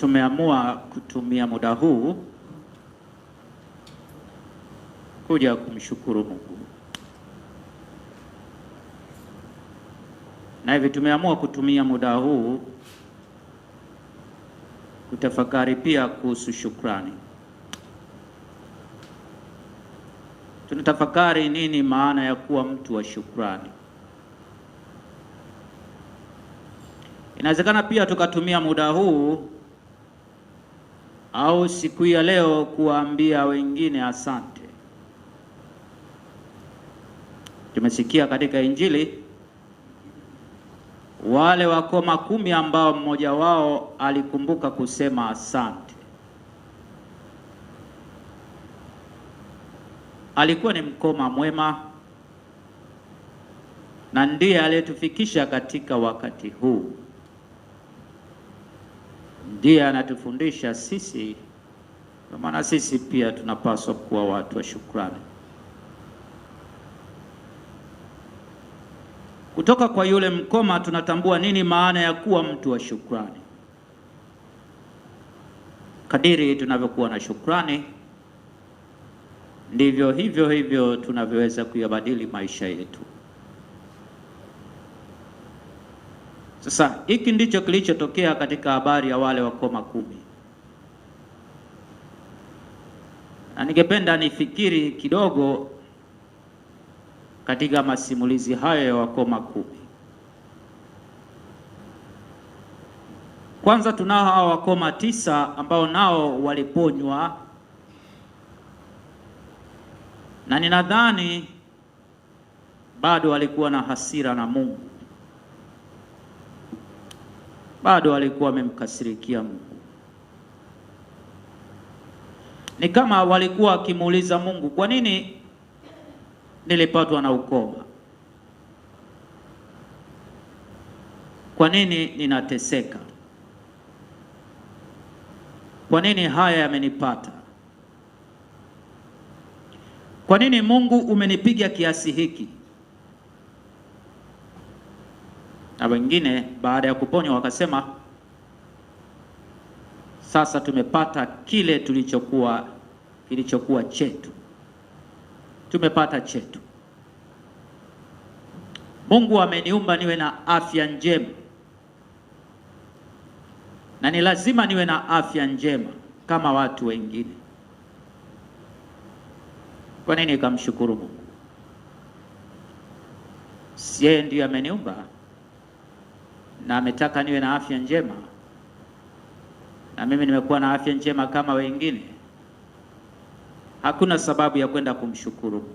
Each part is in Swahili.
tumeamua kutumia muda huu kuja kumshukuru Mungu na hivi tumeamua kutumia muda huu kutafakari pia kuhusu shukrani. Tunatafakari nini maana ya kuwa mtu wa shukrani. Inawezekana pia tukatumia muda huu au siku ya leo kuwaambia wengine asante. Tumesikia katika Injili wale wakoma kumi ambao mmoja wao alikumbuka kusema asante. Alikuwa ni mkoma mwema na ndiye aliyetufikisha katika wakati huu ndiye anatufundisha sisi. Kwa maana sisi pia tunapaswa kuwa watu wa shukrani. Kutoka kwa yule mkoma tunatambua nini maana ya kuwa mtu wa shukrani. Kadiri tunavyokuwa na shukrani, ndivyo hivyo hivyo tunavyoweza kuyabadili maisha yetu. Sasa hiki ndicho kilichotokea katika habari ya wale wakoma kumi, na ningependa nifikiri kidogo katika masimulizi hayo ya wakoma kumi. Kwanza tunao hawa wakoma tisa ambao nao waliponywa, na ninadhani bado walikuwa na hasira na Mungu bado walikuwa wamemkasirikia Mungu. Ni kama walikuwa wakimuuliza Mungu, kwa nini nilipatwa na ukoma? Kwa nini ninateseka? Kwa nini haya yamenipata? Kwa nini Mungu umenipiga kiasi hiki? na wengine baada ya kuponywa wakasema, sasa tumepata kile tulichokuwa kilichokuwa chetu, tumepata chetu. Mungu ameniumba niwe na afya njema, na ni lazima niwe na afya njema kama watu wengine. Kwa nini kamshukuru Mungu? Si yeye ndiyo ameniumba na ametaka niwe na afya njema, na mimi nimekuwa na afya njema kama wengine, hakuna sababu ya kwenda kumshukuru.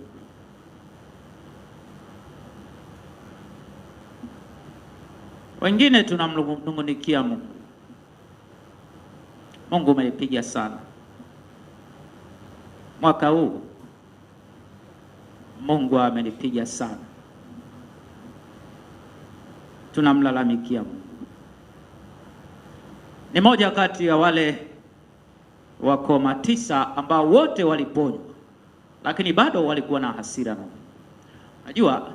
Wengine tunamnung'unikia Mungu, Mungu umenipiga sana mwaka huu, Mungu amenipiga sana tunamlalamikia Mungu. Ni moja kati ya wale wakoma tisa ambao wote waliponywa, lakini bado walikuwa na hasira. Najua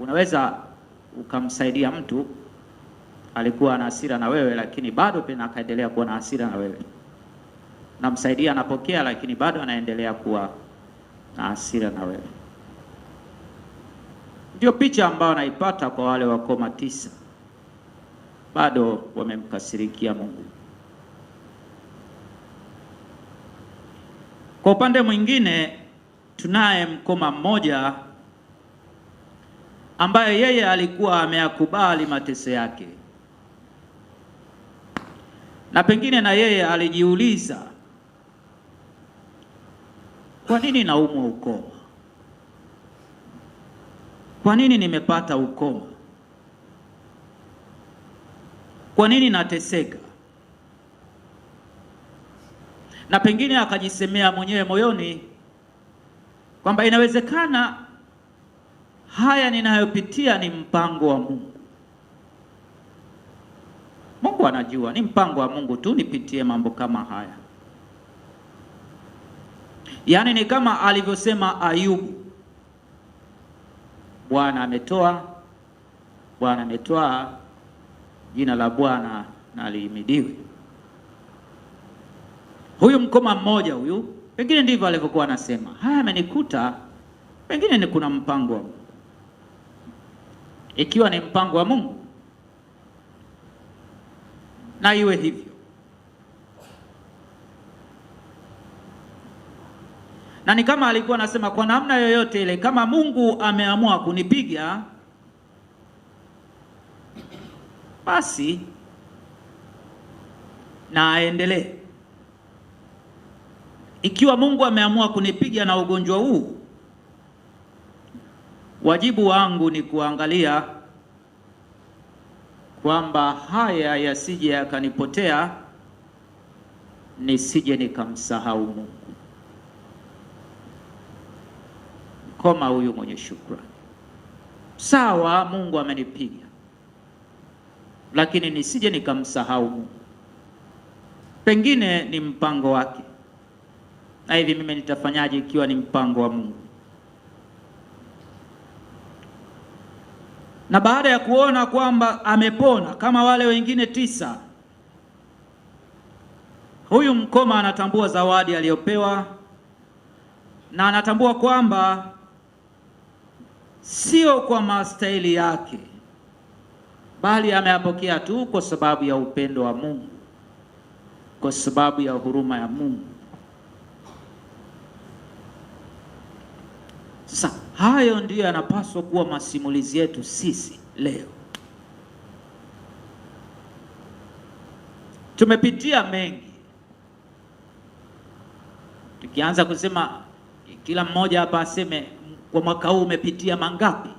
unaweza ukamsaidia mtu alikuwa na hasira na wewe, lakini bado pia akaendelea kuwa na hasira na wewe. Namsaidia, anapokea, lakini bado anaendelea kuwa na hasira na wewe ndio picha ambayo naipata kwa wale wakoma tisa, bado wamemkasirikia Mungu. Kwa upande mwingine, tunaye mkoma mmoja ambaye yeye alikuwa ameyakubali mateso yake, na pengine na yeye alijiuliza, kwa nini naumwa ukoma? Kwa nini nimepata ukoma? Kwa nini nateseka? Na pengine akajisemea mwenyewe moyoni kwamba inawezekana haya ninayopitia ni mpango wa Mungu. Mungu anajua ni mpango wa Mungu tu nipitie mambo kama haya. Yaani ni kama alivyosema Ayubu Bwana ametoa, Bwana ametoa jina la Bwana na lihimidiwe. Huyu mkoma mmoja huyu, pengine ndivyo alivyokuwa anasema, haya amenikuta, pengine ni kuna mpango wa Mungu. Ikiwa ni mpango wa Mungu na iwe hivyo. na ni kama alikuwa anasema kwa namna yoyote ile, kama Mungu ameamua kunipiga basi na aendelee. Ikiwa Mungu ameamua kunipiga na ugonjwa huu, wajibu wangu ni kuangalia kwamba haya yasije yakanipotea, nisije nikamsahau Mungu. koma huyu mwenye shukrani. Sawa, Mungu amenipiga, lakini nisije nikamsahau Mungu. Pengine ni mpango wake, na hivi mimi nitafanyaje ikiwa ni mpango wa Mungu? Na baada ya kuona kwamba amepona kama wale wengine tisa, huyu mkoma anatambua zawadi aliyopewa na anatambua kwamba sio kwa mastahili yake, bali ameyapokea tu kwa sababu ya upendo wa Mungu, kwa sababu ya huruma ya Mungu. Sasa hayo ndiyo yanapaswa kuwa masimulizi yetu sisi leo. Tumepitia mengi, tukianza kusema kila mmoja hapa aseme kwa mwaka huu umepitia mangapi?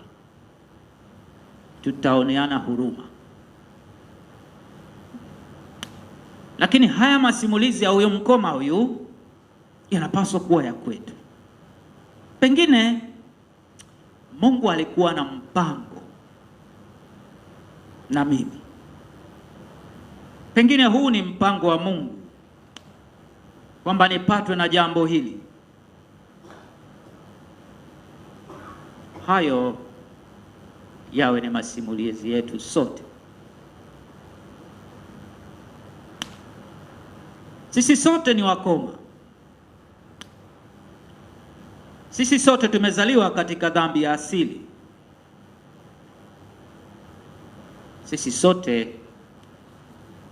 Tutaoneana huruma. Lakini haya masimulizi ya huyu mkoma huyu yanapaswa kuwa ya kwetu. Pengine Mungu alikuwa na mpango na mimi, pengine huu ni mpango wa Mungu kwamba nipatwe na jambo hili hayo yawe ni masimulizi yetu sote. Sisi sote ni wakoma, sisi sote tumezaliwa katika dhambi ya asili, sisi sote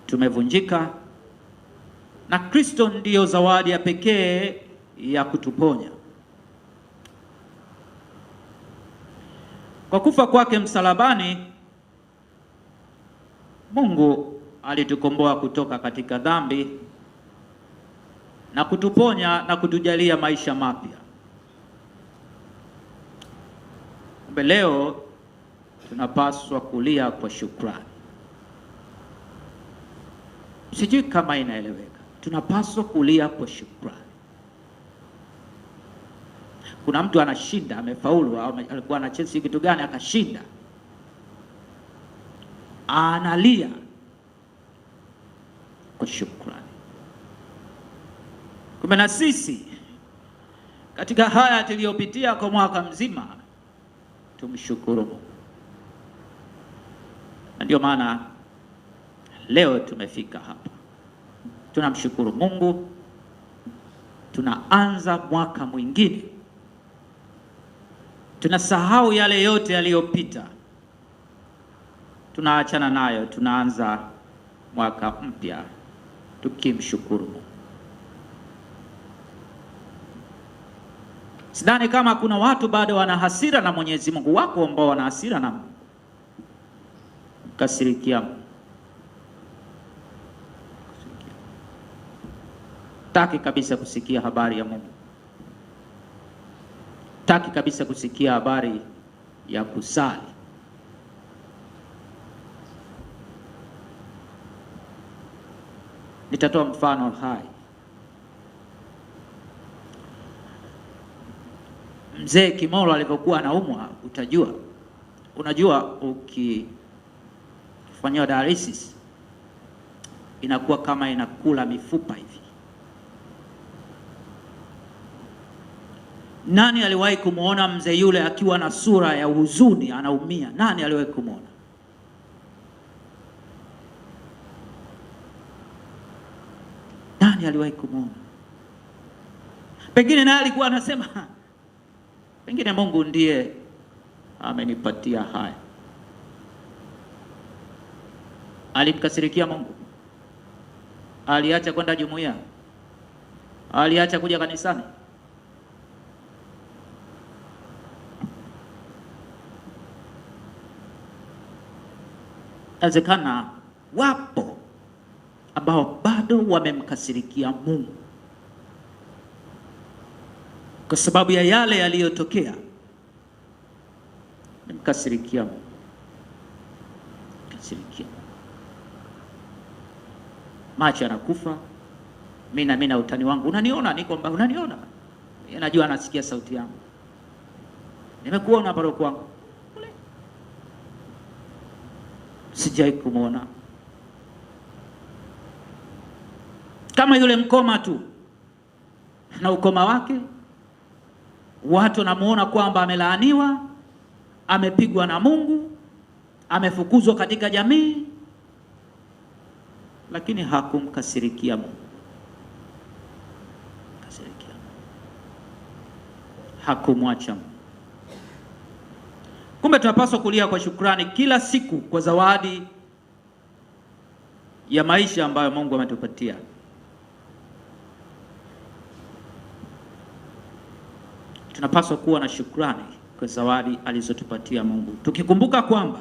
tumevunjika, na Kristo ndiyo zawadi ya pekee ya kutuponya. Kwa kufa kwake msalabani, Mungu alitukomboa kutoka katika dhambi na kutuponya na kutujalia maisha mapya. Kumbe leo tunapaswa kulia kwa shukrani. Sijui kama inaeleweka. Tunapaswa kulia kwa shukrani kuna mtu anashinda, amefaulu, alikuwa na Chelsea kitu gani, akashinda, analia kwa shukrani. Kumbe na sisi katika haya tuliyopitia kwa mwaka mzima tumshukuru Mungu, na ndio maana leo tumefika hapa, tunamshukuru Mungu, tunaanza mwaka mwingine Tunasahau yale yote yaliyopita, tunaachana nayo, tunaanza mwaka mpya tukimshukuru Mungu. Sidhani kama kuna watu bado wana hasira na Mwenyezi Mungu, wako ambao wana hasira na kasirikia Taki kabisa kusikia habari ya Mungu. Sitaki kabisa kusikia habari ya kusali. Nitatoa mfano hai. Mzee Kimolo alivyokuwa anaumwa, utajua, unajua ukifanyiwa dialysis inakuwa kama inakula mifupa hivi Nani aliwahi kumwona mzee yule akiwa na sura ya huzuni anaumia? Nani aliwahi kumwona? Nani aliwahi kumwona? Pengine naye alikuwa anasema, pengine Mungu ndiye amenipatia haya. Alimkasirikia Mungu, aliacha kwenda jumuiya, aliacha kuja kanisani. inawezekana wapo ambao bado wamemkasirikia Mungu kwa sababu ya yale yaliyotokea, wamemkasirikia kasirikia macho anakufa. Mimi na mimi na utani wangu, unaniona niko mbali, unaniona, najua anasikia sauti yangu, nimekuona paroko wangu sijawahi kumwona kama yule mkoma tu na ukoma wake, watu wanamuona kwamba amelaaniwa, amepigwa na Mungu, amefukuzwa katika jamii, lakini hakumkasirikia Mungu. Hakumwacha Mungu. Kumbe tunapaswa kulia kwa shukrani kila siku kwa zawadi ya maisha ambayo Mungu ametupatia. Tunapaswa kuwa na shukrani kwa zawadi alizotupatia Mungu, tukikumbuka kwamba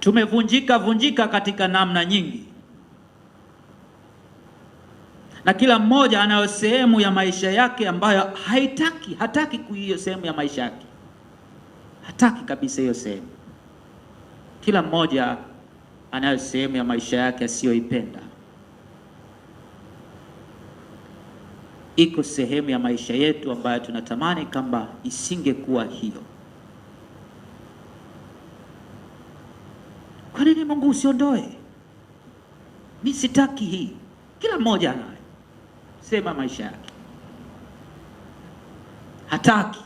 tumevunjika vunjika katika namna nyingi na kila mmoja anayo sehemu ya maisha yake ambayo haitaki, hataki hiyo sehemu ya maisha yake, hataki kabisa hiyo sehemu. Kila mmoja anayo sehemu ya maisha yake asiyoipenda. Iko sehemu ya maisha yetu ambayo tunatamani kwamba isingekuwa hiyo. Kwa nini Mungu usiondoe? Mi sitaki hii. Kila mmoja sema maisha yake, hataki.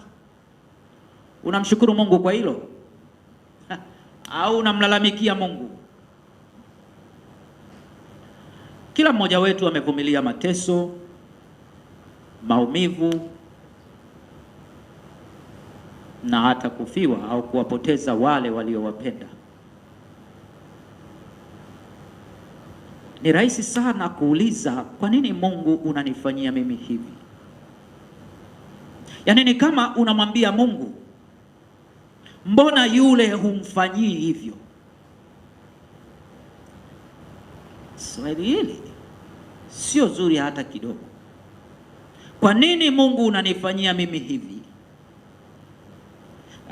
Unamshukuru Mungu kwa hilo au unamlalamikia Mungu? Kila mmoja wetu amevumilia mateso, maumivu na hata kufiwa au kuwapoteza wale waliowapenda. Ni rahisi sana kuuliza kwa nini Mungu unanifanyia mimi hivi? Yaani ni kama unamwambia Mungu, mbona yule humfanyii hivyo? Swali hili sio zuri hata kidogo. Kwa nini Mungu unanifanyia mimi hivi?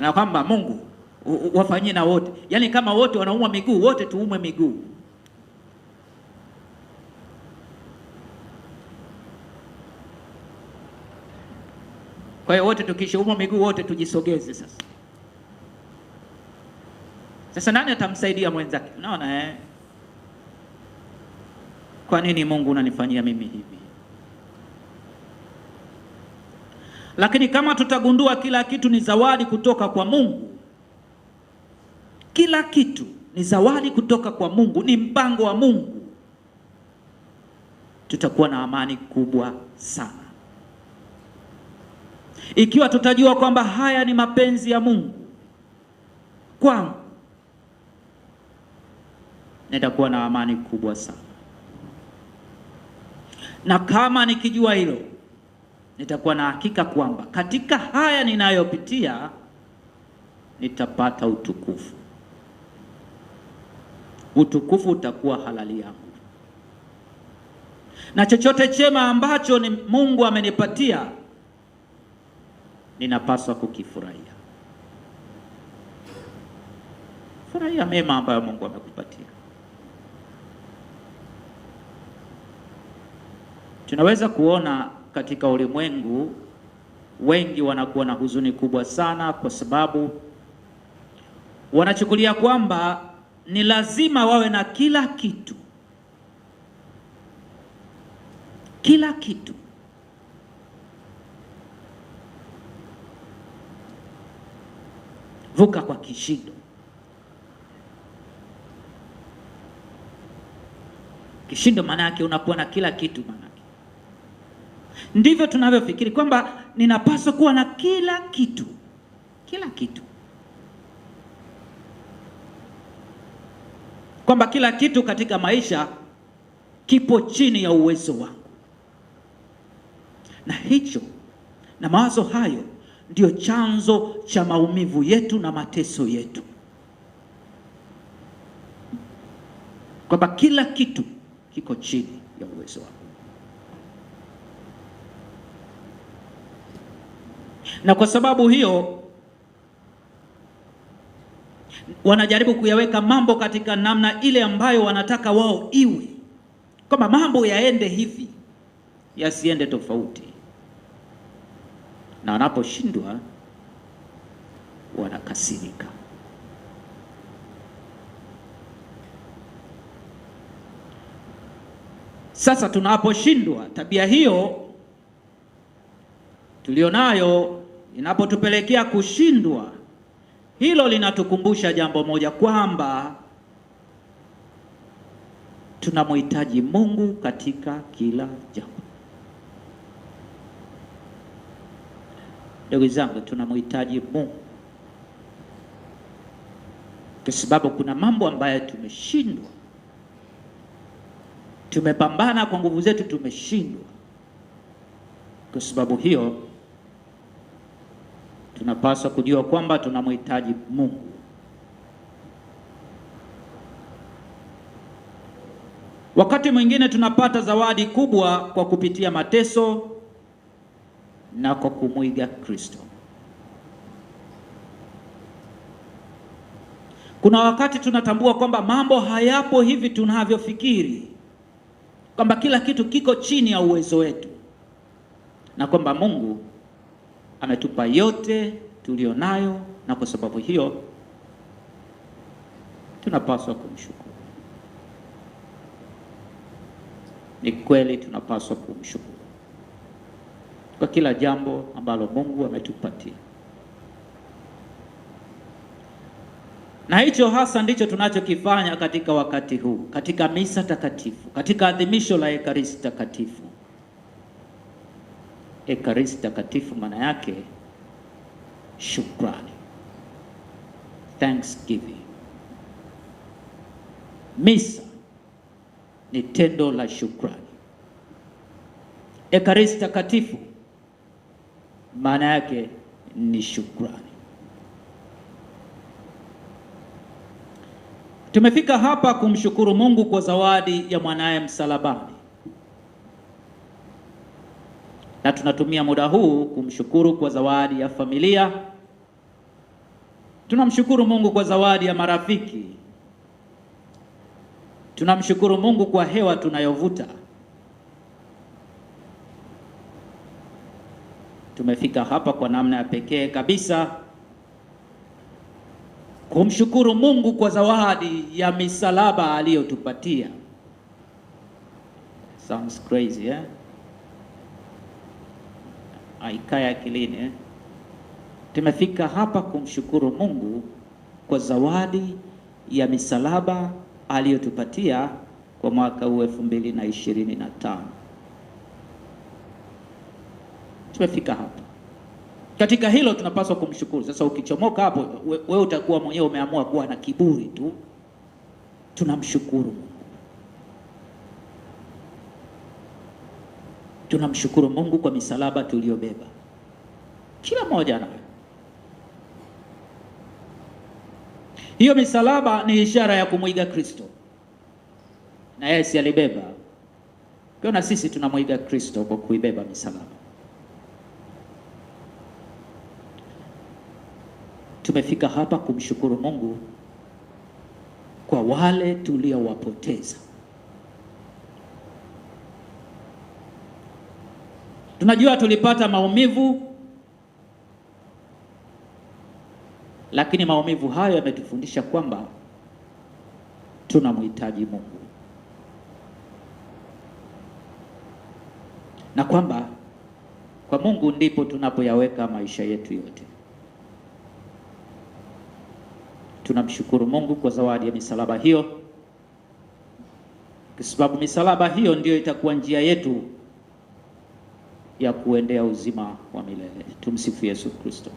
Na kwamba Mungu wafanyie na wote, yaani kama wote wanaumwa miguu, wote tuumwe miguu. Kwa hiyo wote tukishaumwa miguu wote tujisogeze sasa. Sasa nani atamsaidia mwenzake? Unaona eh? Kwa nini Mungu unanifanyia mimi hivi? Lakini kama tutagundua kila kitu ni zawadi kutoka kwa Mungu, kila kitu ni zawadi kutoka kwa Mungu, ni mpango wa Mungu, tutakuwa na amani kubwa sana. Ikiwa tutajua kwamba haya ni mapenzi ya Mungu kwangu, nitakuwa na amani kubwa sana, na kama nikijua hilo, nitakuwa na hakika kwamba katika haya ninayopitia nitapata utukufu. Utukufu utakuwa halali yangu, na chochote chema ambacho ni Mungu amenipatia ninapaswa kukifurahia. Furahia mema ambayo Mungu amekupatia. Tunaweza kuona katika ulimwengu wengi wanakuwa na huzuni kubwa sana, kwa sababu wanachukulia kwamba ni lazima wawe na kila kitu, kila kitu Vuka kwa kishindo. Kishindo maana yake unakuwa na kila kitu. Maana yake ndivyo tunavyofikiri kwamba ninapaswa kuwa na kila kitu, kila kitu, kwamba kila kitu katika maisha kipo chini ya uwezo wangu, na hicho na mawazo hayo ndio chanzo cha maumivu yetu na mateso yetu, kwamba kila kitu kiko chini ya uwezo wako. Na kwa sababu hiyo wanajaribu kuyaweka mambo katika namna ile ambayo wanataka wao iwe, kwamba mambo yaende hivi, yasiende tofauti na wanaposhindwa wanakasirika. Sasa tunaposhindwa, tabia hiyo tulionayo inapotupelekea kushindwa, hilo linatukumbusha jambo moja, kwamba tunamhitaji Mungu katika kila jambo. Ndugu zangu, tunamhitaji Mungu kwa sababu kuna mambo ambayo tumeshindwa, tumepambana kwa nguvu zetu, tumeshindwa. Kwa sababu hiyo, tunapaswa kujua kwamba tunamhitaji Mungu. Wakati mwingine tunapata zawadi kubwa kwa kupitia mateso na kwa kumwiga Kristo. Kuna wakati tunatambua kwamba mambo hayapo hivi tunavyofikiri, kwamba kila kitu kiko chini ya uwezo wetu na kwamba Mungu ametupa yote tulionayo, na kwa sababu hiyo tunapaswa kumshukuru. Ni kweli tunapaswa kumshukuru kwa kila jambo ambalo Mungu ametupatia. Na hicho hasa ndicho tunachokifanya katika wakati huu, katika misa takatifu, katika adhimisho la Ekaristi takatifu. Ekaristi takatifu maana yake shukrani, thanksgiving. Misa ni tendo la shukrani. Ekaristi takatifu maana yake ni shukrani. Tumefika hapa kumshukuru Mungu kwa zawadi ya mwanaye msalabani, na tunatumia muda huu kumshukuru kwa zawadi ya familia. Tunamshukuru Mungu kwa zawadi ya marafiki. Tunamshukuru Mungu kwa hewa tunayovuta. tumefika hapa kwa namna ya pekee kabisa kumshukuru Mungu kwa zawadi ya misalaba aliyotupatia. Sounds crazy eh? Aikaya akilini eh? Tumefika hapa kumshukuru Mungu kwa zawadi ya misalaba aliyotupatia kwa mwaka huu 2025 tumefika hapa. Katika hilo tunapaswa kumshukuru. Sasa ukichomoka hapo, wewe utakuwa mwenyewe umeamua kuwa na kiburi tu. Tunamshukuru, tunamshukuru Mungu kwa misalaba tuliyobeba kila mmoja nayo hiyo misalaba ni ishara ya kumwiga Kristo, na yeye si alibeba. Kwa na sisi tunamwiga Kristo kwa kuibeba misalaba. tumefika hapa kumshukuru Mungu kwa wale tuliowapoteza. Tunajua tulipata maumivu, lakini maumivu hayo yametufundisha kwamba tunamhitaji Mungu na kwamba kwa Mungu ndipo tunapoyaweka maisha yetu yote. Tunamshukuru Mungu kwa zawadi ya misalaba hiyo, kwa sababu misalaba hiyo ndiyo itakuwa njia yetu ya kuendea uzima wa milele. Tumsifu Yesu Kristo.